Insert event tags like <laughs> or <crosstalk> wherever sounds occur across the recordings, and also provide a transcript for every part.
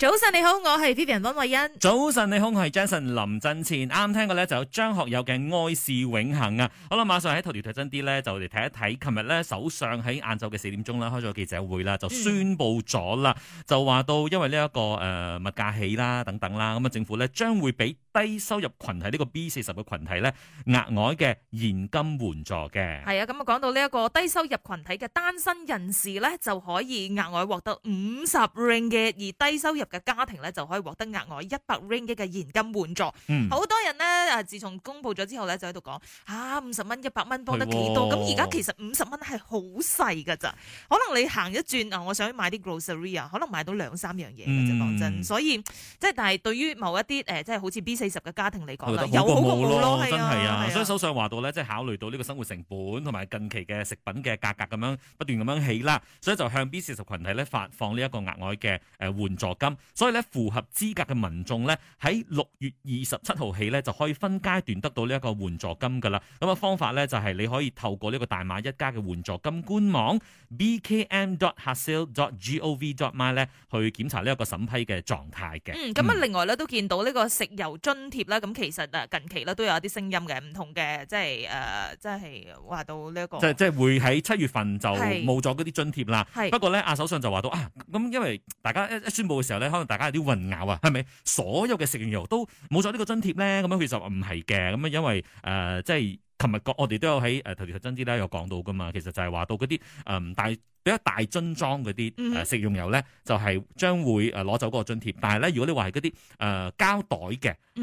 早晨你好，我係 Vivian 溫慧欣。早晨你好，我係 Jason 林振前。啱聽過咧就有張學友嘅《愛是永恒》啊，好啦，馬上喺頭條睇真啲咧，就嚟睇一睇。琴日咧，首相喺晏晝嘅四點鐘啦，開咗記者會啦，就宣布咗啦， <laughs> 就話到因為呢、這、一個誒、呃、物價起啦等等啦，咁啊政府咧，將會俾。低收入群體呢個 B 四十嘅群體咧，額外嘅現金援助嘅。係啊，咁啊講到呢一個低收入群體嘅單身人士咧，就可以額外獲得五十 ring 嘅，而低收入嘅家庭咧就可以獲得額外一百 ring 嘅現金援助。嗯，好多人呢，啊，自從公布咗之後咧，就喺度講啊，五十蚊、一百蚊幫得幾多？咁而家其實五十蚊係好細噶咋，可能你行一轉啊，我想買啲 grocery 啊，可能買到兩三樣嘢嘅啫，講真。所以即係，但係對於某一啲誒，即係好似四十嘅家庭嚟講，有好過冇咯，真係啊！所以首相話到咧，即係考慮到呢個生活成本同埋近期嘅食品嘅價格咁樣不斷咁樣起啦，所以就向 B 四十群體咧發放呢一個額外嘅誒援助金。所以咧，符合資格嘅民眾咧，喺六月二十七號起咧就可以分階段得到呢一個援助金㗎啦。咁啊，方法咧就係你可以透過呢個大馬一家嘅援助金官網 bkm.dot.hasil.dot.gov.dot.my 咧去檢查呢一個審批嘅狀態嘅。嗯，咁啊，另外咧都見到呢個食油津貼啦，咁其實啊，近期咧都有一啲聲音嘅，唔同嘅，即係誒、呃，即係話到呢、這、一個，即係即係會喺七月份就冇咗嗰啲津貼啦。係不過咧，阿首相就話到啊，咁因為大家一一宣佈嘅時候咧，可能大家有啲混淆啊，係咪？所有嘅食用油都冇咗呢個津貼咧，咁樣其實唔係嘅。咁啊，因為誒、呃，即係琴日我哋都有喺誒頭條頭真啲咧，有講到㗎嘛。其實就係話到嗰啲誒大。比較大樽裝嗰啲誒食用油咧，就係將會誒攞走嗰個津貼。但係咧，如果你話係嗰啲誒膠袋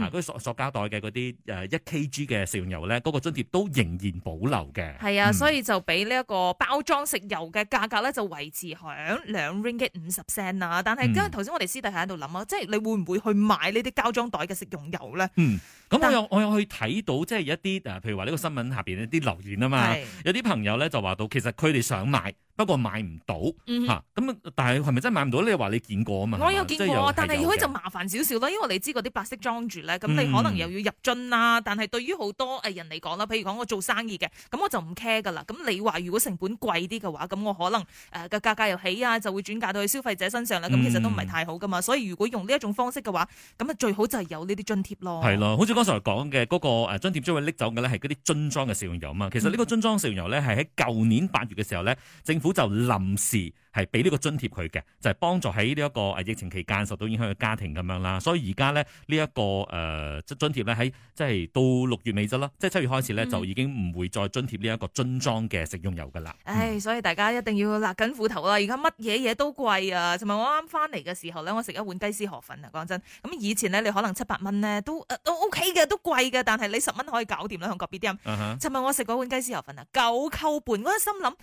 嘅，嗰啲塑塑膠袋嘅嗰啲誒一 Kg 嘅食用油咧，嗰個津貼都仍然保留嘅。係啊，所以就俾呢一個包裝食油嘅價格咧，就維持喺兩 ringgit 五十 cent 啊。但係因為頭先我哋私底下喺度諗啊，即係你會唔會去買呢啲膠裝袋嘅食用油咧？嗯，咁我有我有去睇到，即係有一啲誒，譬如話呢個新聞下邊一啲留言啊嘛，有啲朋友咧就話到，其實佢哋想買。不過買唔到咁、嗯哼啊、但係係咪真係買唔到，你又話你見過啊嘛？我有見過，但係就麻煩少少啦，因為你知嗰啲白色裝住咧，咁你可能又要入樽啦。嗯、但係對於好多誒人嚟講啦，譬如講我做生意嘅，咁我就唔 care 噶啦。咁你話如果成本貴啲嘅話，咁我可能誒嘅價格又起啊，就會轉嫁到去消費者身上啦。咁、嗯、其實都唔係太好噶嘛。所以如果用呢一種方式嘅話，咁啊最好就係有呢啲津貼咯。係咯，好似剛才講嘅嗰個津貼將會拎走嘅咧，係嗰啲樽裝嘅食用油啊嘛。其實呢個樽裝食用油咧，係喺舊年八月嘅時候咧，政府。好就臨時。係俾呢個津貼佢嘅，就係、是、幫助喺呢一個疫情期間受到影響嘅家庭咁樣啦。所以而家咧呢一個誒津貼咧，喺即係到六月尾咗啦，即係七月開始咧就已經唔會再津貼呢一個樽裝嘅食用油噶啦。嗯、唉，所以大家一定要勒緊褲頭啦！而家乜嘢嘢都貴啊，尋日我啱啱翻嚟嘅時候咧，我食一碗雞絲河粉啊，講真，咁以前咧你可能七百蚊咧都都、呃、OK 嘅，都貴嘅，但係你十蚊可以搞掂啦，同各位啲咁。尋日、uh huh. 我食嗰碗雞絲河粉啊，九扣半，我一心諗，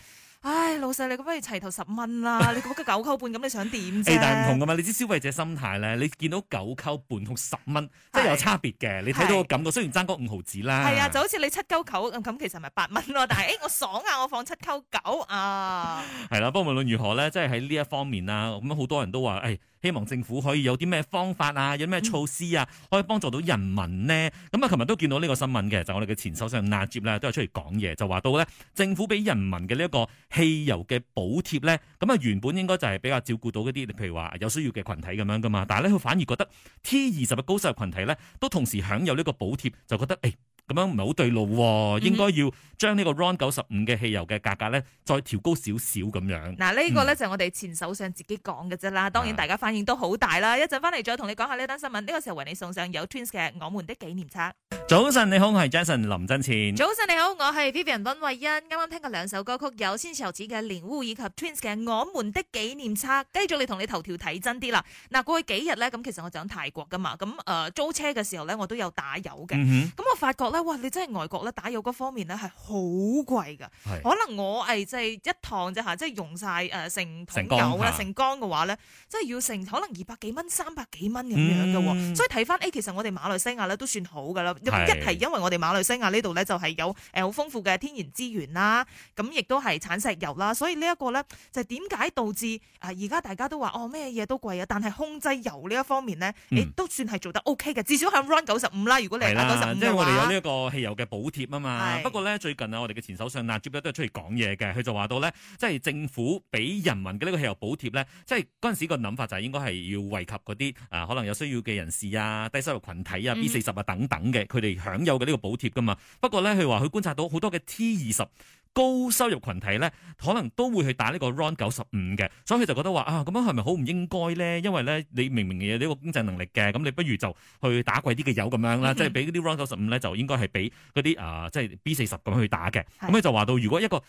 唉，老細你不如齊頭十蚊。 <laughs> 你講個九溝半咁，你想點啫、 <laughs> 哎？但係唔同噶嘛，你知消費者心態咧，你見到九溝半同十蚊，即係有差別嘅。是你睇到個感覺，是雖然爭嗰五毫子啦。係啊，就好似你七溝九咁，咁其實咪八蚊咯。但係，誒、哎，我爽啊，我放七溝九啊。係啦、 <laughs> 啊，不過無論如何咧，即係喺呢一方面啊，咁好多人都話誒。哎希望政府可以有啲咩方法啊，有咩措施啊，可以幫助到人民呢？咁、嗯、啊，琴日都見到呢個新聞嘅，就是、我哋嘅前首相納吉咧都有出嚟講嘢，就話到咧政府俾人民嘅呢一個汽油嘅補貼咧，咁啊原本應該就係比較照顧到嗰啲，譬如話有需要嘅群體咁樣噶嘛，但係咧佢反而覺得 T 二十嘅高收入群體咧都同時享有呢個補貼，就覺得誒。欸咁樣唔係好對路、啊，嗯、哼應該要將呢個 RON 九十五嘅汽油嘅價格咧再調高少少咁樣。嗱、啊，呢、這個咧就係我哋前首相自己講嘅啫啦，嗯、當然大家反應都好大啦。一陣翻嚟再同你講下呢單新聞，呢、這個時候為你送上有 Twins 嘅我們的紀念冊。早晨，你好，我係 Jason 林真前。早晨，你好，我係 Vivian 溫慧欣。啱啱聽過兩首歌曲，有千愁子嘅《蓮霧》，以及 Twins 嘅《我們的紀念冊》。繼續你同你頭條睇真啲啦。嗱，過去幾日咧，咁其實我就喺泰國噶嘛。咁誒，租車嘅時候咧，我都有打油嘅。咁、嗯、哼我發覺咧，哇，你真係外國咧，打油嗰方面咧係好貴噶。係。可能我誒即係一趟就下，即係用晒誒成桶油啦，成缸嘅話咧，即係要成可能二百幾蚊、三百幾蚊咁樣嘅嗯。所以睇翻誒，其實我哋馬來西亞咧都算好噶啦。一係因為我哋馬來西亞呢度咧就係有誒好豐富嘅天然資源啦，咁亦都係產石油啦，所以呢一個咧就係點解導致啊而家大家都話哦咩嘢都貴啊，但係控制油呢一方面咧、嗯欸，都算係做得 O K 嘅，至少喺 Run 九十五啦。如果你下九十五嘅話，即係因為有呢個汽油嘅補貼啊嘛。的不過咧最近啊，我哋嘅前首相啊，最多都係出嚟講嘢嘅，佢就話到咧，即係政府俾人民嘅呢個汽油補貼咧，即係嗰陣時個諗法就係應該係要惠及嗰啲啊可能有需要嘅人士啊、低收入群體啊、B 四十啊等等嘅嚟享有嘅呢個補貼噶嘛，不過咧佢話佢觀察到好多嘅 T 二十高收入群體咧，可能都會去打呢個 round 九十五嘅，所以佢就覺得話啊，咁樣係咪好唔應該咧？因為咧你明明有呢個經濟能力嘅，咁你不如就去打貴啲嘅油咁樣啦， <laughs> 即係俾嗰啲 round 九十五咧就應該係俾嗰啲啊即係 B 四十咁樣去打嘅，咁佢 <laughs> 就話到如果一個。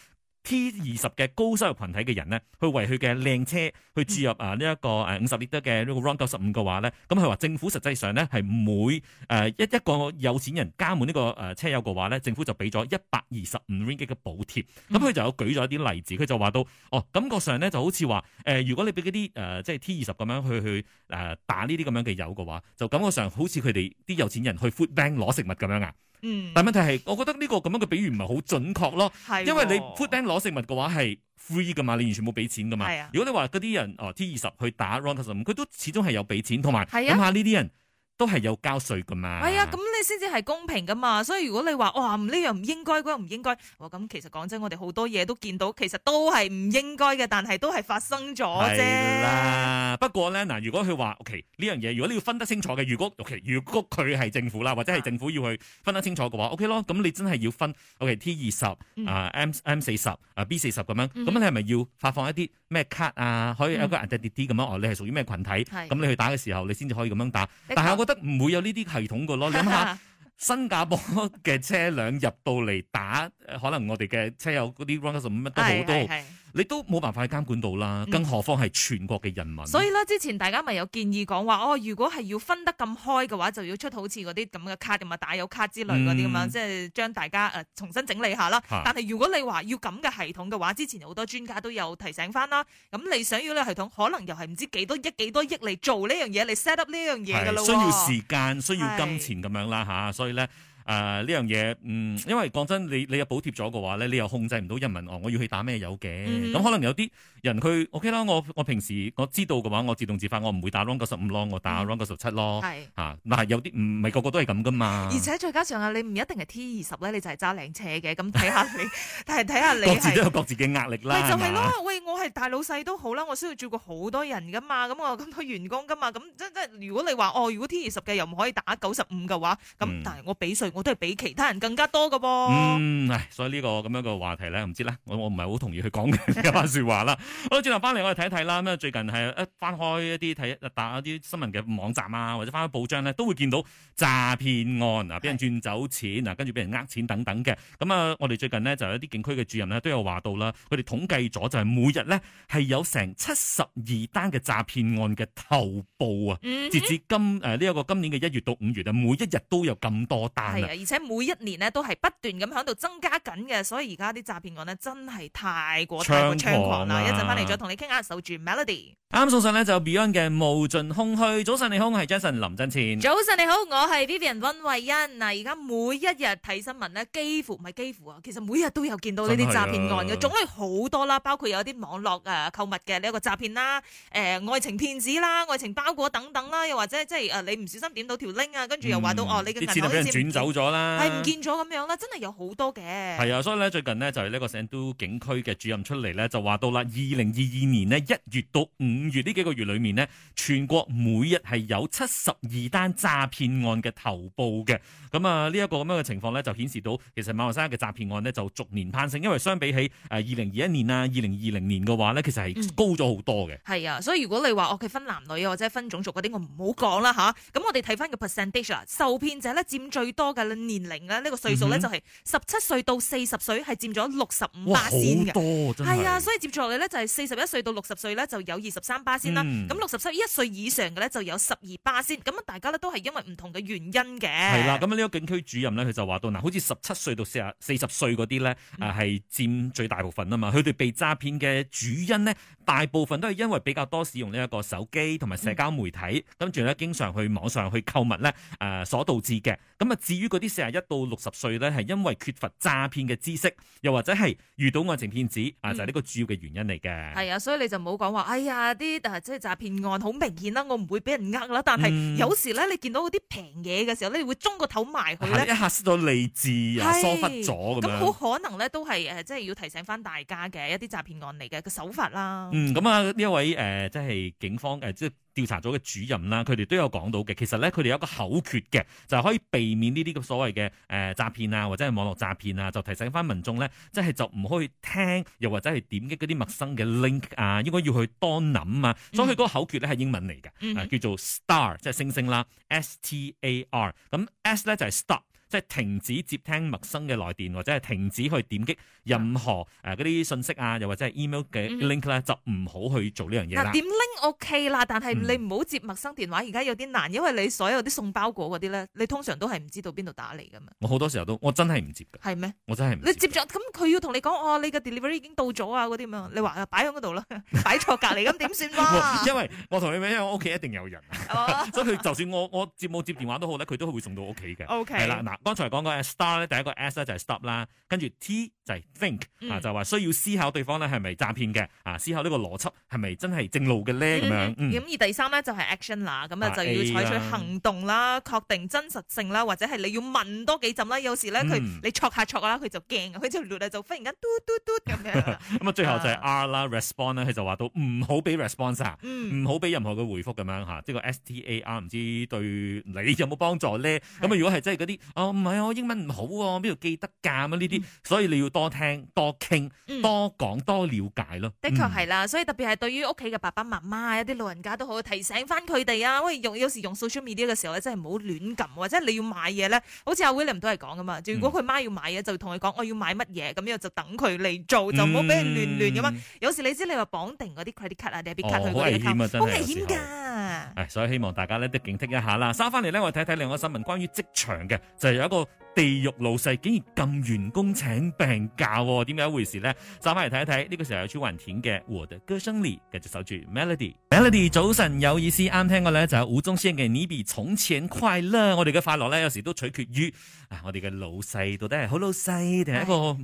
T 二十嘅高收入群體嘅人咧，去為佢嘅靚車去注入啊、這個、呢一個誒五十列德嘅呢個 round 九十五嘅話咧，咁佢話政府實際上咧係每誒一一個有錢人加滿呢個誒車油嘅話咧，政府就俾咗一百二十五 ringgit 嘅補貼。咁佢、嗯、就有舉咗一啲例子，佢就話到哦，感覺上咧就好似話誒，如果你俾嗰啲誒即係 T 二十咁樣去去誒打呢啲咁樣嘅油嘅話，就感覺上好似佢哋啲有錢人去 food bank 攞食物咁樣啊。嗯，但問題係，我覺得呢個咁樣嘅比喻唔係好準確咯，的因為你 food bank 攞食物嘅話係 free 㗎嘛，你完全冇俾錢㗎嘛。的如果你話嗰啲人哦、uh, T 二十去打 round 十十五佢都始終係有俾錢，同埋諗下呢啲人，都係有交稅噶嘛，係啊、哎，咁你先至係公平噶嘛，所以如果你話哇呢樣唔應該嗰樣唔應該，咁其實講真，我哋好多嘢都見到，其實都係唔應該嘅，但係都係發生咗啫。係啦，不過咧嗱，如果佢話 O K 呢樣嘢，如果你要分得清楚嘅，如果 O K，如果佢係政府啦，或者係政府要去分得清楚嘅話，O K 咯，咁你真係要分 O K T 二十啊 M M 四十啊 B 四十咁樣，咁你係咪要發放一啲？咩卡啊，嗯、可以有一個 identity 咁樣，哦，你係屬於咩群體，咁是你去打嘅時候，你先至可以咁樣打。但係我覺得唔會有呢啲系統嘅咯，你諗下 <laughs> 新加坡嘅車輛入到嚟打，可能我哋嘅車友嗰啲 runs 乜都好多。你都冇辦法監管到啦，嗯、更何況係全國嘅人民。所以咧，之前大家咪有建議講話，哦，如果係要分得咁開嘅話，就要出好似嗰啲咁嘅卡，咁啊，打有卡之類嗰啲咁樣，嗯、即係將大家誒、呃、重新整理下啦。的但係如果你話要咁嘅系統嘅話，之前好多專家都有提醒翻啦。咁你想要呢個系統，可能又係唔知幾多億、幾多億嚟做呢樣嘢，你 set up 呢樣嘢㗎啦。需要時間，需要金錢咁的樣啦吓，所以咧。誒呢樣嘢，嗯，因為講真，你你又補貼咗嘅話咧，你又控制唔到人民、哦、我要去打咩油嘅，咁、嗯、可能有啲人去。OK 啦，我我平時我知道嘅話，我自動自發，我唔會打 RON 九十五 RON 我打 RON 九十七咯，係嗱 7, 是，有啲唔係個個都係咁噶嘛，而且再加上啊，你唔一定係 T 二十咧，你就係揸靚車嘅，咁睇下你，但係睇下你， <laughs> 各自己有各自嘅壓力啦，咪 <laughs> 就係、是、咯，喂，我係大老細都好啦，我需要照顧好多人噶嘛，咁我咁多員工噶嘛，咁即即係如果你話哦，如果 T 二十嘅又唔可以打九十五嘅話，咁但係我俾稅。嗯我都係比其他人更加多嘅噃。嗯唉，所以呢、呢個咁樣嘅話題咧，唔知咧，我我唔係好同意佢講嘅一番説話啦。好，轉頭翻嚟我哋睇一睇啦。咁啊，最近係一翻開一啲睇打啲新聞嘅網站啊，或者翻開報章咧，都會見到詐騙案啊，俾人轉走錢啊，是跟住俾人呃錢等等嘅。咁啊，我哋最近呢，就有一啲警區嘅主任咧都有話到啦，佢哋統計咗就係每日咧係有成七十二單嘅詐騙案嘅投報啊。嗯、哼截至今誒呢一個今年嘅一月到五月啊，每一日都有咁多單是。而且每一年咧都係不斷咁喺度增加緊嘅，所以而家啲詐騙案咧真係太過猖狂啦！太過猖狂啦！一陣翻嚟再同你傾下《守住 Melody》。啱送上呢，就 Beyond 嘅《無盡空虛》。早晨你好，我係 Jason 林振前。早晨你好，我係 Vivian 温慧欣。嗱，而家每一日睇新聞呢，幾乎唔係幾乎啊，其實每日都有見到呢啲詐騙案嘅、啊、種類好多啦，包括有啲網絡誒購物嘅呢一個詐騙啦，誒、呃、愛情騙子啦、愛情包裹等等啦，又或者即係誒你唔小心點到條 link 啊，跟住又話到、嗯、哦，你嘅錢已經轉走咗啦，係唔見咗咁樣啦，真係有好多嘅。係啊，所以咧最近呢，就係呢個成都景區嘅主任出嚟咧，就話到啦，二零二二年呢，一月到五月呢幾個月裏面呢，全國每日係有七十二單詐騙案嘅投報嘅。咁啊呢一個咁樣嘅情況呢，就顯示到其實馬來西亞嘅詐騙案呢，就逐年攀升，因為相比起誒二零二一年啊，二零二零年嘅話呢，其實係高咗好多嘅。係啊、嗯，所以如果你話我佢分男女啊，或者分種族嗰啲，我唔好講啦吓。咁我哋睇翻個 percentage 啦，受騙者咧佔最多嘅。年齡啦，呢個歲數呢，這個、呢就係十七歲到四十歲係佔咗六十五巴仙嘅，係啊，所以接住落嚟呢就係四十一歲到六十歲呢，就有二十三巴仙啦，咁六十七一歲以上嘅呢，就有十二巴仙，咁啊大家呢，都係因為唔同嘅原因嘅。係啦，咁呢個警區主任呢，佢就話到嗱，好似十七歲到四啊四十歲嗰啲呢，誒係佔最大部分啊嘛，佢哋被詐騙嘅主因呢，大部分都係因為比較多使用呢一個手機同埋社交媒體，跟住呢經常去網上去購物呢，誒、呃、所導致嘅，咁啊至於。嗰啲四十一到六十歲咧，係因為缺乏詐騙嘅知識，又或者係遇到愛情騙子，嗯、啊，就係、是、呢個主要嘅原因嚟嘅。係 <noise> 啊，所以你就唔好講話，哎呀，啲誒即係詐騙案好明顯啦，我唔會俾人呃啦。但係有時咧，你見到嗰啲平嘢嘅時候咧，你會中個頭埋佢咧，一下失咗理智又 <noise> 疏忽咗咁咁好可能咧，都係誒，即係要提醒翻大家嘅一啲詐騙案嚟嘅個手法啦。嗯，咁啊呢一位誒、呃呃，即係警方誒，即係。調查組嘅主任啦，佢哋都有講到嘅。其實咧，佢哋有一個口訣嘅，就係、是、可以避免呢啲咁所謂嘅誒、呃、詐騙啊，或者係網絡詐騙啊，就提醒返民眾咧，即係就唔、是、可以聽，又或者係點擊嗰啲陌生嘅 link 啊，應該要去多諗啊。所以佢嗰個口訣咧係英文嚟嘅，mm hmm. 啊叫做 Star，即係星星啦，S T A R。咁 S 咧就係 Stop。即係停止接聽陌生嘅來電，或者係停止去點擊任何誒嗰啲信息啊，又或者係 email 嘅 link 咧、啊，嗯、就唔好去做呢樣嘢啦。點 link OK 啦，但係你唔好接陌生電話。而家、嗯、有啲難，因為你所有啲送包裹嗰啲咧，你通常都係唔知道邊度打嚟噶嘛。我好多時候都我真係唔接嘅。係咩？我真係唔。嗎接你接咗咁佢要同你講哦，你嘅 delivery 已經到咗啊嗰啲咩？你話擺喺嗰度啦，擺錯隔離咁點算？因為我同你講，因為我屋企一定有人， <laughs> <laughs> 所以佢就算我我接冇接電話都好咧，佢都會送到屋企嘅。OK，係啦。剛才講個 S T A R 咧，第一個 S 咧就係 Stop 啦，跟住 T 就係 Think、嗯、啊，就話需要思考對方咧係咪詐騙嘅啊，思考呢個邏輯係咪真係正路嘅咧咁。而第三咧就係、是、Action 啦，咁啊就要採取行動啦，確 A, 定真實性啦，或者係你要問多幾浸啦。啊嗯、有時咧佢你戳下戳啦，佢就驚，佢就亂就忽然間嘟嘟嘟咁樣。咁啊，最後就係 R 啦、啊啊、，Response 佢就話到唔好俾 Response 唔好俾、嗯、任何嘅回覆咁樣吓、啊。即係個 S, S T A R，唔知對你有冇幫助咧？咁如果係真係嗰啲唔係我英文唔好喎，啊，邊度記得撳啊呢啲，嗯、所以你要多聽、多傾、多講、嗯、多了解咯。的確係啦，所以特別係對於屋企嘅爸爸媽媽啊，一啲老人家都好，提醒翻佢哋啊。喂，用有時用 social media 嘅時候咧，真係唔好亂撳，或者你要買嘢咧，好似阿 w i l 都係講噶嘛。如果佢媽要買嘢，就同佢講，我要買乜嘢，咁樣就等佢嚟做，就唔好俾佢亂亂咁樣。嗯、有時你知你話綁定嗰啲 credit c a r debit 卡，佢鬼得啊，好危險噶。係、 <laughs> 哎，所以希望大家咧都警惕一下啦。翻嚟咧，我睇睇另外新聞，關於職場嘅有一個地獄老細竟然咁員工請病假，哦，點解一回事咧？翻嚟睇一睇，呢個時候有曲婉婷嘅我的歌聲裡繼續守住 Melody，Melody 早晨，有意思啱聽嘅咧就係吳宗憲嘅你比從前快樂。我哋嘅快樂咧有時都取決於啊我哋嘅老細到底係好老細定係一個。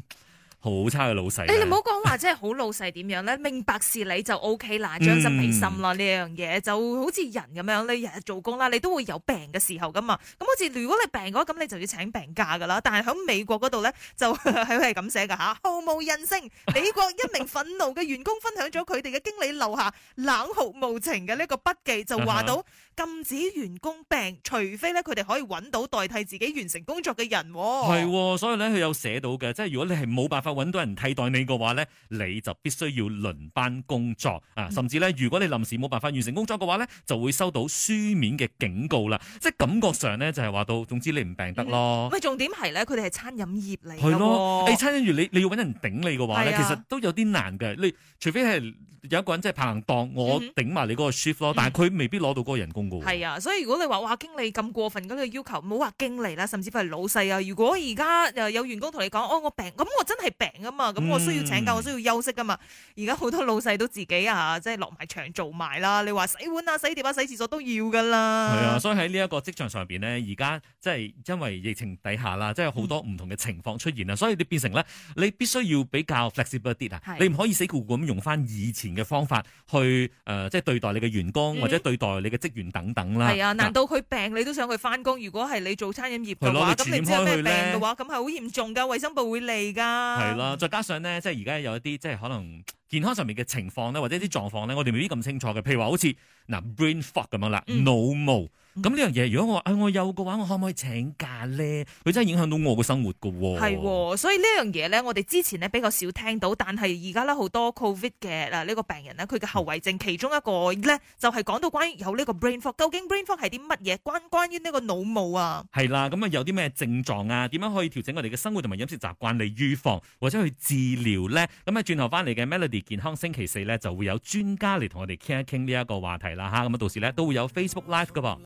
好差嘅老細，你哋唔好講話，即係好老細點樣咧？明白事理就 O K，嗱，將心比心咯，呢、嗯、樣嘢就好似人咁樣，你日日做工啦，你都會有病嘅時候噶嘛。咁好似如果你病嘅話，咁你就要請病假噶啦。但係喺美國嗰度咧，就係係咁寫噶吓，毫無人性。美國一名憤怒嘅員工分享咗佢哋嘅經理留下冷酷無情嘅呢個筆記，就話到。 <laughs> 禁止員工病，除非咧佢哋可以揾到代替自己完成工作嘅人。係、哦，所以咧佢有寫到嘅，即係如果你係冇辦法揾到人替代你嘅話咧，你就必須要輪班工作啊！甚至咧，如果你臨時冇辦法完成工作嘅話咧，就會收到書面嘅警告啦。嗯、即係感覺上咧就係話到，總之你唔病得咯。唔、嗯、重點係咧，佢哋係餐飲業嚟。係咯，你、哎、餐飲業你你要揾人頂你嘅話咧，啊、其實都有啲難嘅。你除非係有一個人即係拍檔，我頂埋你嗰個 shift 咯。但係佢未必攞到嗰個人工。係啊，所以如果你話哇，經理咁過分咁嘅要求，唔好話經理啦，甚至乎係老細啊。如果而家有員工同你講，哦，我病，咁我真係病啊嘛，咁我需要請假，嗯、我需要休息噶嘛。而家好多老細都自己啊，即係落埋場做埋啦。你話洗碗啊、洗碟啊、洗廁、啊、所都要噶啦。係啊，所以喺呢一個職場上邊咧，而家即係因為疫情底下啦，即係好多唔同嘅情況出現啦，嗯、所以你變成咧，你必須要比較 flexible 啲啊。是，你唔可以死固固咁用翻以前嘅方法去誒，即、呃、係、就是、對待你嘅員工或者對待你嘅職員、嗯。等等啦，係啊？難道佢病你都想佢返工？如果係你做餐飲業嘅話，咁的你知有咩病嘅話，咁係好嚴重㗎，衞生部會嚟㗎。係啦，再加上咧，即係而家有一啲即係可能健康上面嘅情況咧，或者啲狀況咧，我哋未必咁清楚嘅。譬如話好似嗱、啊、brain fog 咁樣啦，腦霧、嗯。No 咁呢、嗯、樣嘢，如果我啊、哎、我有嘅話，我可唔可以請假咧？佢真係影響到我嘅生活噶、哦。係、哦，所以呢樣嘢咧，我哋之前咧比較少聽到，但係而家咧好多 COVID 嘅嗱呢個病人咧，佢嘅後遺症其中一個咧就係、是、講到關於有呢個 brain fog，究竟 brain fog 係啲乜嘢？關關於呢個腦霧啊？係啦，咁啊有啲咩症狀啊？點、嗯啊、樣可以調整我哋嘅生活同埋飲食習慣嚟預防或者去治療咧？咁、嗯、啊轉頭翻嚟嘅 Melody 健康星期四咧就會有專家嚟同我哋傾一傾呢一個話題啦吓。咁啊到時咧都會有 Facebook Live 噶噃。